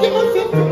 que você fez.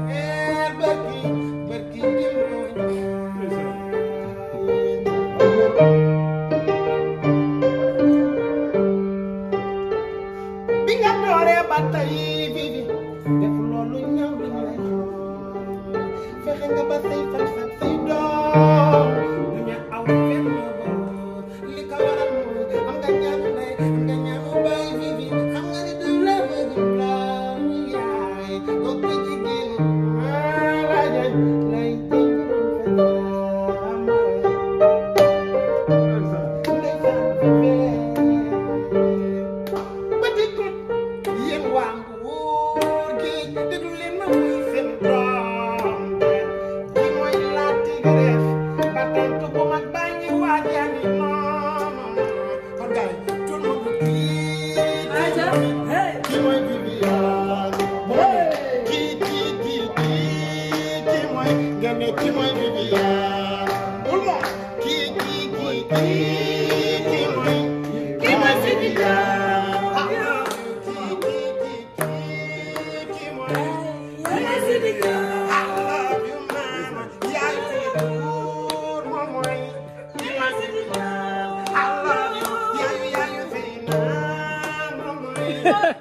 bi nga dooree ba tey fii fi def loolu ñaaw duñ la fexe nga ba say faj faj say doom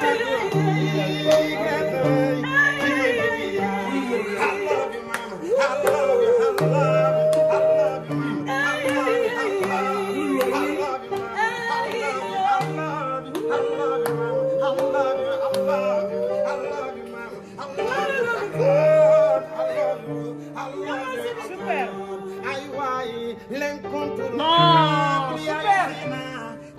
I I I I I I I I I I I love love love love love love love love love love you, you. you. you, you. you. you, you. you. you, love you.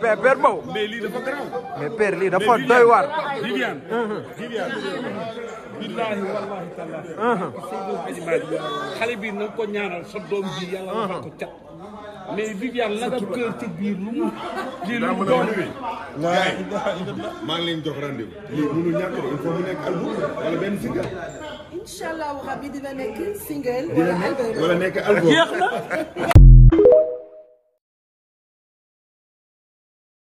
mais père Mbow. mais lii dafa garaaw. mais père lii dafa doy waar. Viviane. Viviane. billaahi wallaahi tallaahi. xale bi na ko ñaanal sa doom bi yàlla ko cat. mais Viviane la kër ci biir lu mu. lii lu mu doon gars yi maa ngi leen jox rendez-vous. lii mënul ñàkk il faut mu nekk album wala benn single. incha allah rabi dina nekk single. wala album wala nekk album